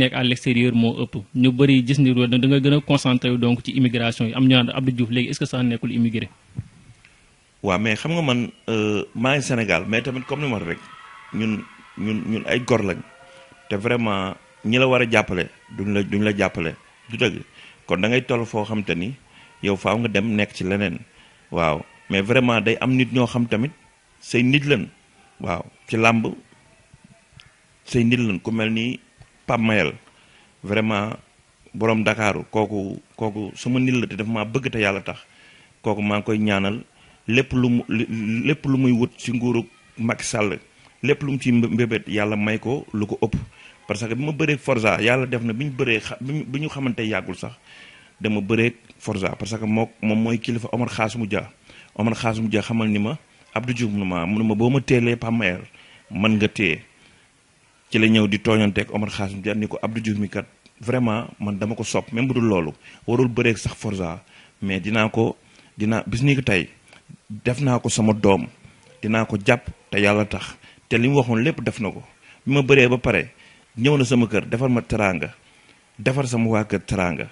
nekk à l'extérieur moo ëpp ñu bëri gis ni da nga gën a concentré donc ci immigration yi am ñu naan Abdou Diouf léegi est-ce que sax nekkul immigré. waaw mais xam nga man euh, maa ngi Sénégal mais tamit comme ni ma rek ñun ñun ñun ay gor lañ te vraiment ñi la war a jàppale duñ duñ la jàppale du dëgg kon da ngay toll foo xam ni yow faaw nga dem nekk ci leneen waaw mais vraiment day am nit ñoo xam tamit say nit lañ waaw ci làmb say nit lañ ku mel ni. Pamel, vrema vraiment borom Dakaru koku koku suma nil la def ma bëgg ta yalla tax koku ma koy ñaanal lepp lu lepp lu muy wut ci nguru mak Sall lepp lu mu ci mbebet yalla may ko lu ko upp parce que bima ma Forza yalla def na biñu ñu biñu xamanté yagul sax dama bëree Forza parce que mok mom moy kilifa Omar Khasmou Dia Omar Khasmou Dia xamal ni ma Abdou Diouf ma mu boma télé pamel man nga téye ci la ñëw di tooñanteeg Omar Xaasim Diagne ni ko Abdou Diouf mi kat vraiment man dama ko sopp même bu dul loolu warul bëreek sax Forza mais dinaa ko dinaa bis ni tey def naa ko sama doom dinaa ko jàpp te yàlla tax te li mu waxoon lépp def na ko bi ma bëree ba pare ñëw na sama kër defar ma teraanga defar sama waa kër teraanga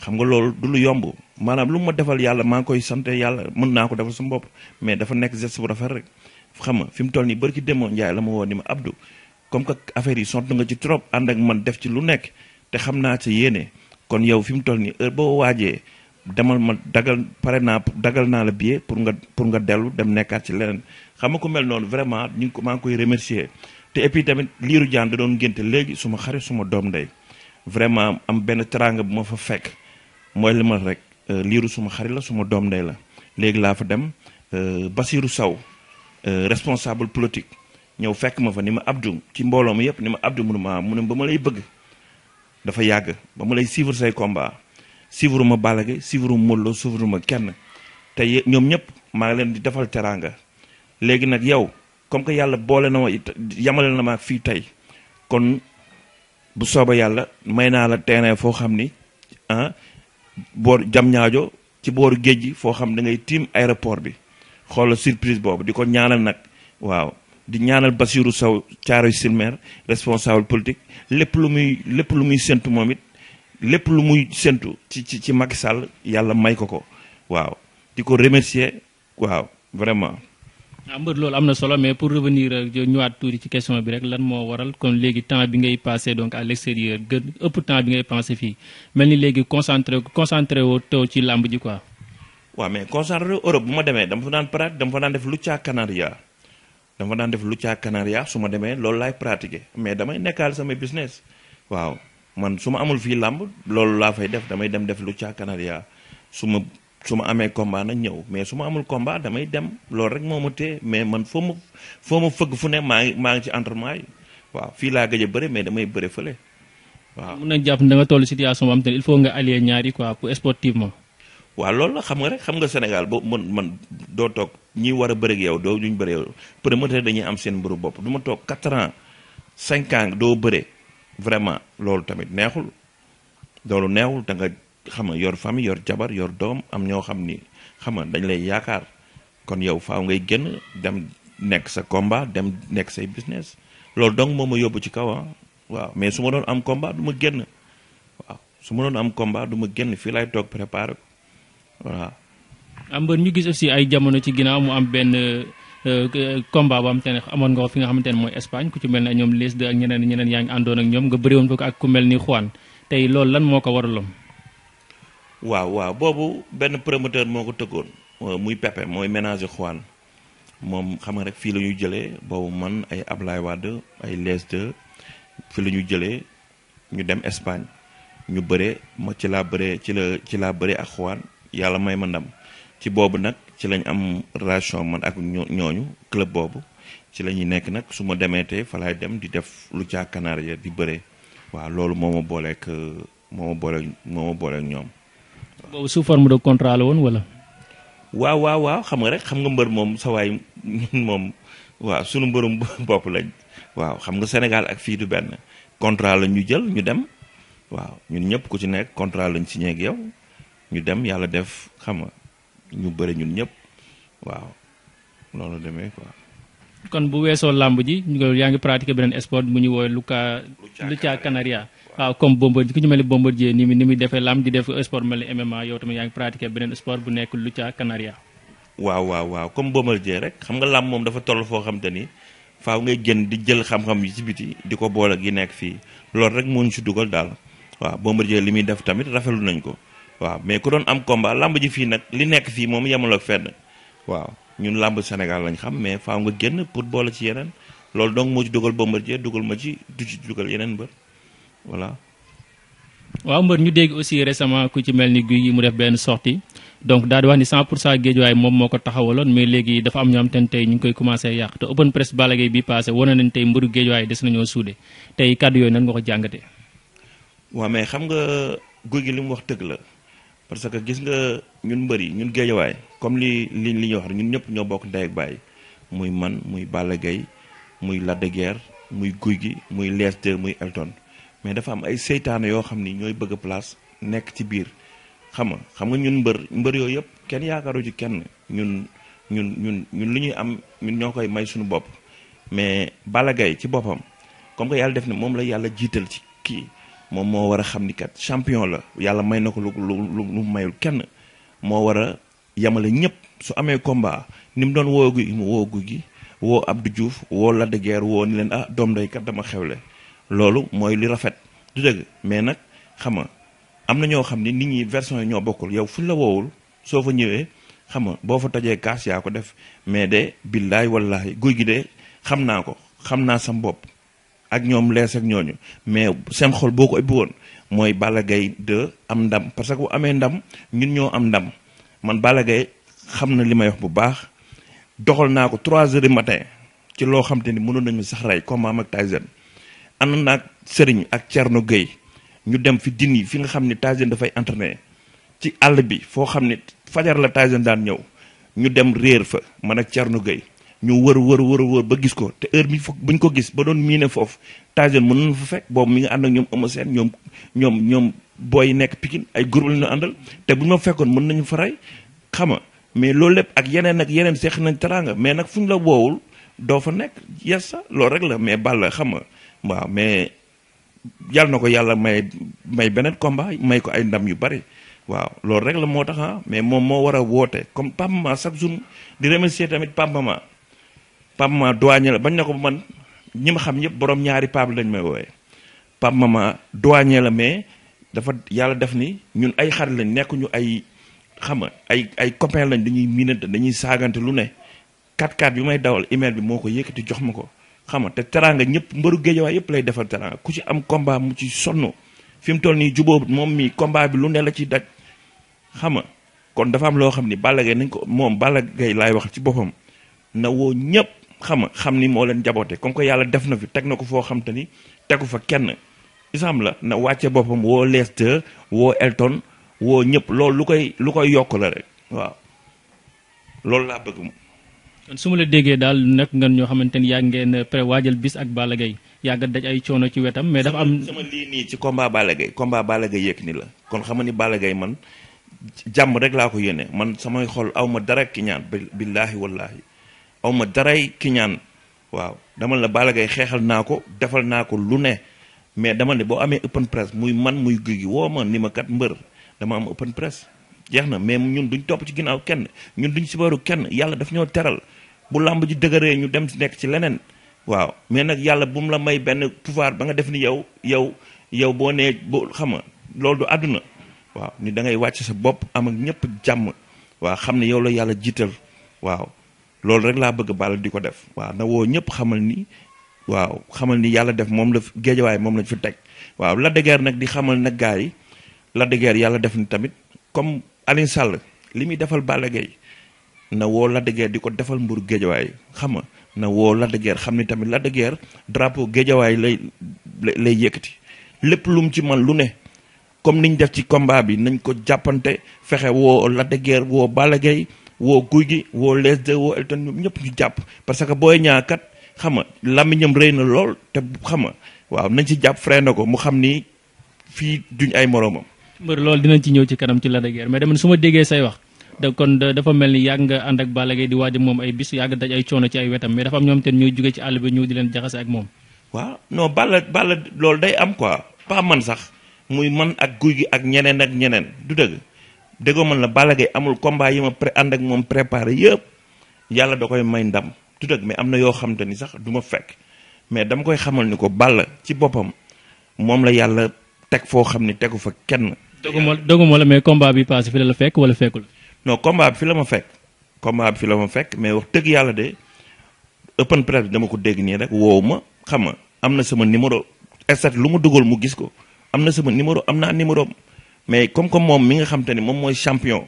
xam nga loolu du lu yomb maanaam lu ma defal yàlla maa koy sante yàlla mën naa ko defal sama bopp mais dafa nekk geste bu rafet rek xam nga fi mu toll nii bërki demoo Njaay la ma woo ni ma Abdou comme que affaire yi sont nga ci trop ànd ak man def ci lu nekk te xam naa sa yéene kon yow fi mu toll nii heure boo waajee demal ma dagal pare naa dagal naa la billet pour nga pour nga dellu dem nekkaat ci leneen xam ma ko mel noonu vraiment ñu ngi ko maa koy remercier te et tamit liiru jaan da doon ngénte léegi suma xarit suma doom ndey vraiment am benn teranga bu ma fa fekk mooy li ma rek euh, liiru suma xarit la suma doom ndey la léegi laa fa dem euh, Basirou Sow euh, responsable politique ñëw fekk ma fa ni ma Abdou ci mbooloo mi yëpp ni ma Abdou mënu ma mu ba ma lay bëgg dafa yàgg ba ma lay suivre say combat suivre ma Balla Gaye suivre ma Modou kenn tey ñoom ñëpp maa ngi leen di defal teraanga léegi nag yow comme que yàlla boole na ma yamale na ma fii tey kon bu sooba yàlla may naa la terrain foo xam ni ah boor jam ñaajo ci booru géej gi foo xam da ngay tiim aéroport bi xoola surprise boobu di ko ñaanal nag waaw di ñaanal Bassirou Sow Thiaroye sur Mer responsable politique lépp lu muy lépp lu muy séntu moom it lépp lu muy séntu ci ci ci Macky Sall yàlla may ko ko waaw di ko remercier waaw vraiment. ah mbër loolu am na solo mais pour revenir euh, ñëwaat tuuti ci question bi rek lan moo waral kon léegi temps bi ngay passé donc à l'extérieur gën ëpp temps bi ngay passé fii mel ni léegi concentré concentré woo tew ci làmb ji quoi. waaw mais concentré Europe bu ma demee dama fa daan paraat dama fa daan def Lucha Canaria. dama daan def lucca canaria su ma demee loolu laay pratiquer mais damay nekkal sama business waaw man suma amul fi lamb lool la fay def damay dem def lucca canaria su ma su ma amee combat na ñew mais suma amul combat damay dem lool rek momu té mais man fomu fomu foo fu ne ma ngi ci entraînement waaw fi la gëjë bëré mais damay bëré feulé waaw. mun nañ jàpp da nga tollu situation boo xam il faut nga allier ñaari quoi pour sportivement. waa loolu la xam nga rek xam nga Sénégal boo man man doo toog ñi war a bëri ak yow doo duñ bëri yow promoteur dañuy am seen mbëru bopp du toog 4 ans 5 doo bëre vraiment loolu tamit neexul loolu neexul da nga xam nga yor famille yor jabar yor doom am ñoo xam ni xam nga dañ lay yaakaar kon yow faaw ngay génn dem nekk sa combat dem nekk say business loolu donc moo ma yóbbu ci kaw ah. waaw mais su ma doon am combat du ma génn waaw su ma doon am combat du ma génn fii laay toog préparé voilà. Ambeur ñu gis aussi ay jamono ci ginnaaw mu am benn euh, combat bu am te amoon nga ko fi nga xamante ne mooy Espagne ku ci mel ne ñoom les deux ak ñeneen ñeneen yaa ngi àndoon ak ñoom nga bëri woon ko ak ku mel ni Juan tey loolu lan moo ko waraloon. waaw waaw boobu benn promoteur moo ko tëggoon euh, muy Pepe mooy ménager Juan moom xam nga rek fii la ñu jëlee boobu man ay Ablaye Wade ay les deux fii la ñu jëlee ñu dem Espagne ñu bëre ma ci laa bëree ci la ci laa bëree ak yàlla may ma ndam ci boobu nag ci lañ am relation man ak ñooñu club boobu ci la ñuy nekk nag su ma demee te laay dem di def lu caa Canaria di bëree waaw loolu moo ma booleeg moo ma booleeg moo ma ñoom. boobu sous forme de contrat la woon wala. waaw waaw waaw xam nga rek xam nga mbër moom sa waay moom waaw sunu mbërum bopp lañ waaw xam nga Sénégal ak fii du benn contrat la ñu jël ñu dem waaw ñun ñëpp ku ci nekk contrat lañ si ak yow. ñu dem yàlla def xam nga ñu bëre ñun ñëpp waaw loolu demee quoi kon bu weesoo lamb ji ñu yaa ngi pratiquer beneen sport bu ñu woowe luca luca canaria waaw comme bombardier ku ñu mel ni bombardier ni ni muy defee lamb di def sport mel ni mma yow tamit yaa ngi pratiquer beneen sport bu nekk luca canaria waaw waaw waaw comme bombardier rek xam nga lamb moom dafa toll foo xam te ni faaw ngay génn di jël xam-xam yi ci biti di ko boole gi nekk fii loolu rek moo ñu si dugal daal waaw bombardier li muy def tamit rafetlu nañ ko waaw mais ku doon am combat lamb ji fii nag li nekk fii moom yemul ak fenn waaw ñun lamb Sénégal lañ xam mais faaw nga génn pour boole ci yeneen loolu donc moo ci dugal Bombardier dugal ma ci du ci dugal yeneen mbër voilà. waaw mbër ñu dégg aussi récemment ku ci mel ni guy yi mu def benn sortie donc daal di wax ni 100 pour cent géejuwaay moom moo ko taxawaloon mais léegi dafa am ñoo am te tey ñu ngi koy commencé yàq te open press Balla bi passé wane nañ tey mbëru géejuwaay des nañoo suude tey kàddu yooyu nan nga ko jàngatee. waaw mais xam nga guy gi li mu wax dëgg la. parce que gis nga ñun mbër yi ñun géejawaay comme li li li ñuy wax ñun ñëpp ñoo bokk ndey ak baay muy man muy Balla Gaye muy Lac de muy guy gi muy Lac muy Elton mais dafa am ay seytaane yoo xam ni ñooy bëgg place nekk ci biir xam xam nga ñun mbër mbër yooyu yëpp kenn yaakaaru ci kenn ñun ñun ñun ñun li ñuy am ñun ñoo koy may suñu bopp mais Balla Gaye ci boppam comme que yàlla def ne moom la yàlla jiital ci kii moom moo war a xam ni kat champion la yàlla may na ko lu lu lu mayul kenn moo war a yamale ñëpp su amee combat ni mu doon woo gu mu woo gi woo Abdou Diouf woo Lac de woo ni leen ah doom day kat dama xewle loolu mooy li rafet du dëgg mais nag xam nga am na ñoo xam ni nit ñi version yi ñoo bokkul yow fu la woowul soo fa ñëwee xam nga boo fa tojee kaas yaa ko def mais de billaay wallaay guy gi de xam naa ko xam naa sam bopp ak ñoom lees ak ñooñu mais seen xol boo ko ubbi woon mooy Balla Gaye 2 am ndam parce que bu amee ndam ñun ñoo am ndam man Balla Gaye xam na li may wax bu baax doxal naa ko trois heures du matin ci loo xam te ni mënoon nañu sax rey combat am ak Tyson ànd naa ak Serigne ak Thierno Gueye ñu dem fi din yi fi nga xam ne Tyson dafay entraîner ci àll bi foo xam ne fajar la Tyson daan ñëw ñu dem réer fa man ak Thierno Gueye ñu wër wër wër wër ba gis ko te heure bi foog buñ ko gis ba doon miine foofu Tyson mën nañu fa fekk boobu mi nga ànd ak ñoom Eumeu seen ñoom ñoom ñoom booy nekk Pikine ay groupe lañu àndal te buñ ma fekkoon mën nañu fa rey xama mais loolu lépp ak yeneen ak yeneen seex nañ teraanga mais nag fu ñu la woowul doo fa nekk yes sax loolu rek la mais Balla xam nga waaw mais yàlla na ko yàlla may may beneen combat may ko ay ndam yu bari waaw loolu rek la moo tax ah, mais moom moo war a woote comme Pape Maman chaque jour di remercier tamit Pape pap ma douanier la bañ na ko man ñi ma xam ñëpp boroom ñaari paab lañu may woowee pap ma ma douanier la mais dafa yàlla def ni ñun ay xarit lañ nekk ñu ay xam nga ay ay copain lañ dañuy miinante dañuy saagante lu ne 4-4 bi may dawal email bi moo ko yëkkati jox ma ko xam nga te teraanga ñëpp mbëru géejawaay yëpp lay defal teraanga ku ci am combat mu ci sonnoo fi mu toll nii jubóo moom mii combat bi lu ne la ci daj xam nga kon dafa am loo xam ni ba nañ ko moom Balla Gaye laay wax ci boppam xam nga xam ni moo leen jaboote comme que yàlla def na fi teg na ko foo xam ni tegu fa kenn isam la na wàcce boppam woo Lester woo Elton woo ñëpp loolu lu koy lu koy yokk la rek waaw loolu laa bëgg ma kon su ma la déggee daal nekk ngeen ñoo xamante ni yaa ngeen pré waajal bis ak Balla Gaye yàgg daj ay coono ci wetam mais dafa am sama lii nii ci combat Balla Gaye combat Balla Gaye ni la kon xam ni Balla Gaye man jàmm rek laa ko yéene man samay xol awma dara ki ñaan billaahi wallaahi aw ma daray ki ñaan waaw damal la Balla Gaye xeexal naa ko defal naa ko lu ne mais damal ne boo amee open press muy man muy guy gi woo ma ni ma kat mbër dama am open press jeex na mais ñun duñ topp ci ginnaaw kenn ñun duñ sibaru kenn yàlla daf ñoo teral bu làmb ji dëgëree ñu dem nekk ci leneen waaw mais nag yàlla bu mu la may benn pouvoir ba nga def ni yow yow yow boo nee boo xam nga loolu du àdduna waaw ni da ngay wàcc sa bopp am ak ñëpp jàmm waa xam ne yow la yàlla jiital loolu rek laa bëgg Balla di ko def waa na woo ñëpp xamal ni waaw xamal ni yàlla def moom la géejawaay moom lañ fi teg waaw Lac de nag di xamal nag gars yi Lac de yàlla def ni tamit comme Alioune Sall li muy defal Balla Gaye na woo Lac de di ko defal mburu géejawaay xam nga na woo Lac de xam ni tamit Lac de drapo drapeau géejawaay lay lay yëkkati lépp lu ci man lu ne comme niñ def ci combat bi nañ ko jàppante fexe woo Lac de woo Balla Gaye woo guy gi woo les woo Elton ñoom ñëpp ñu jàpp parce que booy ñaakat xam nga làmmiñam rey na lool te xam nga waaw nañ ci jàpp freiné ko mu xam ni fii duñ ay moroomam. mbër lool dinañ ci ñëw ci kanam ci Lac de Guiers mais dama su ma déggee say wax da kon dafa mel ni yàgg nga ànd ak Balla Gaye di waaj moom ay bis yàgg daj ay coono ci ay wetam mais dafa am ñoom te ñuy jóge ci àll bi ñëw di leen jaxase ak moom. waaw non Balla Balla loolu day am quoi pas man sax muy man ak guy gi ak ñeneen ak ñeneen du dëgg. déggoo man la Balla Gaye amul combat yi ma pré ànd ak moom préparé yëpp yàlla da koy may ndam tout ak mais am na yoo xam ni sax du ma fekk mais dama koy xamal ni ko Balla ci boppam moom la yàlla teg foo xam ni tegu fa kenn. doguma doguma la mais combat bi passé fi la la fekk wala fekkul. non combat bi fi la ma fekk. combat bi fi la ma fekk mais wax dëgg yàlla de open press bi dama ko dégg nii rek woowu ma xam nga am na sama numéro. estat lu mu dugal mu gis ko am na sama numéro am naa numéro mais comme que moom mi nga xam te ni moom mooy champion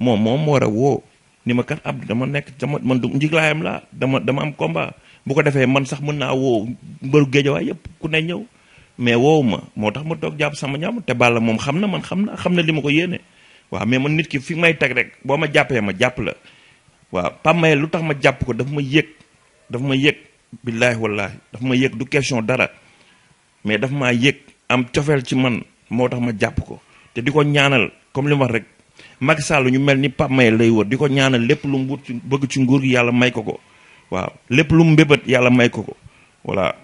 moom moom war a woo ni ma kat Abdou dama nekk dama man du njiglaayam laa dama dama am combat bu ko defee man sax mën naa woo mbëru waa yëpp ku ne ñëw mais woowu ma moo tax ma toog jàpp sama ñaam te Balla moom xam na man xam na xam na li ma ko yéene waa mais man nit ki fi may teg rek boo ma jàppee ma jàpp la waaw Pamaye lu tax ma jàpp ko dafa ma yëg dafa ma yëg billaahi wallaahi dafa ma yëg du question dara mais dafa maa yëg am cofeel ci man moo tax ma jàpp ko te di ko ñaanal comme li mu rek Macky Sall ñu mel ni Pape Mayel lay wër di ko ñaanal lépp lu mu bëgg ci nguur gi yàlla may ko ko waaw lépp lu mu mbébét yàlla may ko ko voilà.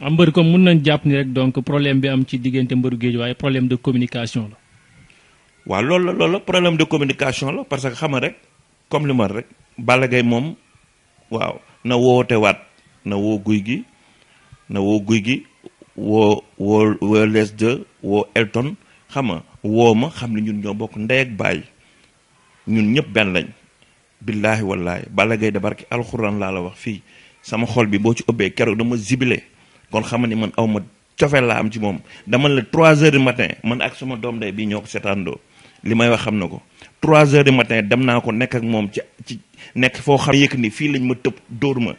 am mbër comme mun nañ jàpp ni rek donc problème bi am ci diggante mbëru géej waaye problème de communication la. waaw loolu la loolu la problème de communication la parce que xam rek comme li ma rek Balla Gaye moom waaw na woote waat na woo guy gi na woo guy gi woo woo woo xam nga woo ma xam ne ñun ñoo bokk ndey ak baay ñun ñëpp benn lañ billaahi wallaahi Balla gay de barki alxuraan laa la wax fii sama xol bi boo ci ëbbee keroog dama zibilé kon xam ne man aw ma cofeel laa am ci moom dama la trois heures du matin man ak suma doom day bii ñoo ko seetaandoo li may wax xam na ko trois heures du matin dem naa ko nekk ak moom ci ci nekk foo xam yëkk ni fii lañ ma tëb dóor ma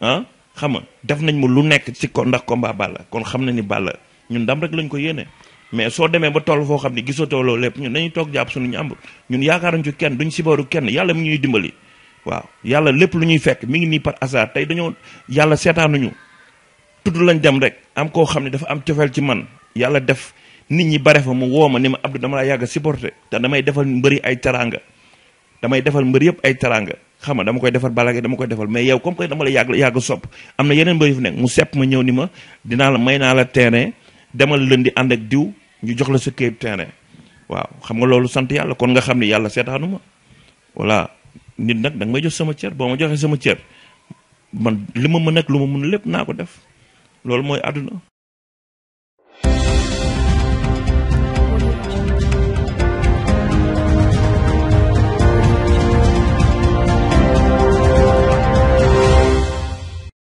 ah, xam nga def nañ ma lu nekk ci ko ndax combat Balla kon xam na ni Balla ñun ndam rek lañ ko yéene. mais so démé ba toll fo xamni gisoto lo lepp ñun dañuy tok japp suñu ñamb ñun yaakaaruñ ci kenn duñ boru kenn yalla mi ñuy dimbali waaw yalla lepp lu ñuy fekk mi ngi ni par hasard tey dañoo tuddu lañ dem rek am ko xamni dafa am tiofel ci man yalla def nit ñi bare fa mu woma ma ni ma abdu dama la yag supporté te damay defal mbeuri ay taranga damay defal mbeur yëpp ay taranga xam nga dama koy defal balage dama koy defal mais yow comme koy dama la yàgg yag sopp am na yeneen mbëri yu mu ma ñew ni ma dina la mayna la terrain demal lëndi ànd diw ñu jox la sa kayit terrain waaw xam nga loolu sant yàlla kon nga xam ne yàlla seetaanu ma voilà nit nag danga nga may jox sama cër boo ma joxee sama cër man li ma mën ak lu ma mën lépp naa ko def loolu mooy àdduna